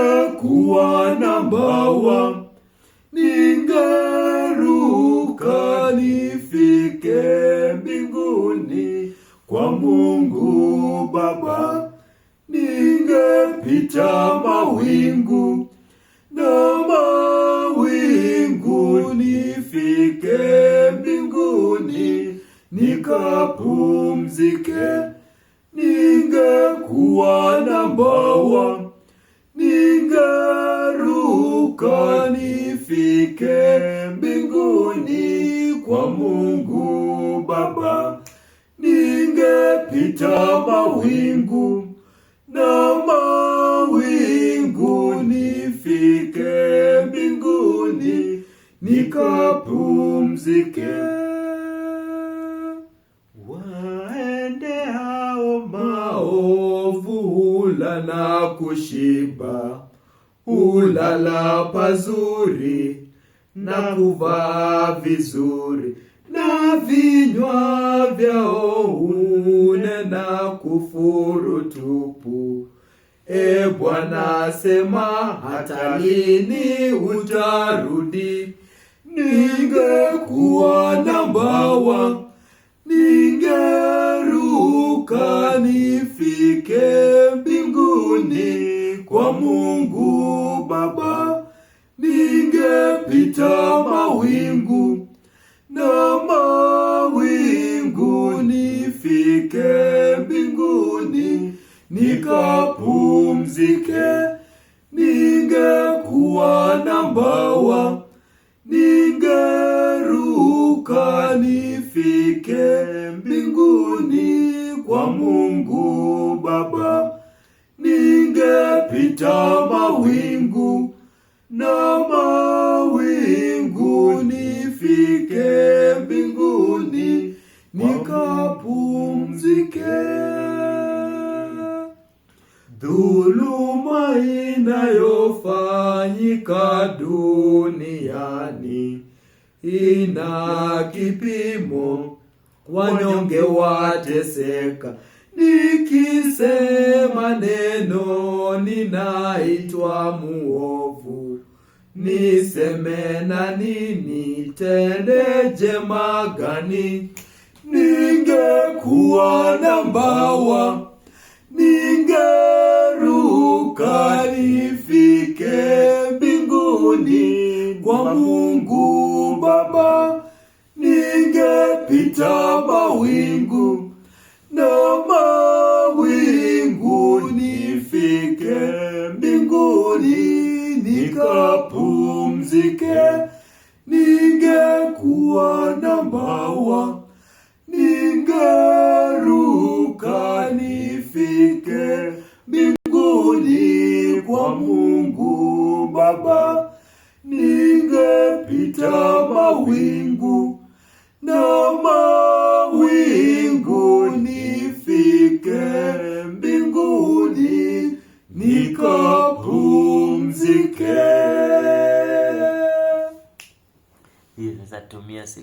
ningekuwa na mbawa ningeruka nifike mbinguni kwa Mungu Baba, ningepita mawingu na mawingu nifike mbinguni nikapumzike, ningekuwa na mbawa Inuka nifike mbinguni kwa Mungu Baba, ningepita mawingu na mawingu, nifike mbinguni nikapumzike. Waende hao maovu hula na kushiba hulala pazuri na kuvaa vizuri, na vinywa vyao hunena kufuru tupu. E Bwana, sema hata lini utarudi? Ningekuwa na mbawa ningeruka nifike mbinguni kwa Mungu Baba, ningepita mawingu na mawingu, nifike mbinguni nikapumzike, ningekuwa na mbawa ningeruka nifike mbinguni kwa Mungu Baba nita mawingu na mawingu, nifike mbinguni nikapumzike. Dhuluma inayofanyika duniani ina kipimo, wanyonge wateseka. Nikisema neno ninaitwa muovu, niseme na nini? Tende jema gani? Ningekuwa na mbawa, ningeruka nifike mbinguni kwa Mungu Baba, ningepita mawingu na nikapumzike, ningekuwa na mbawa, ningeruka nifike mbinguni kwa Mungu Baba, ningepita mawingu Hiyo sasa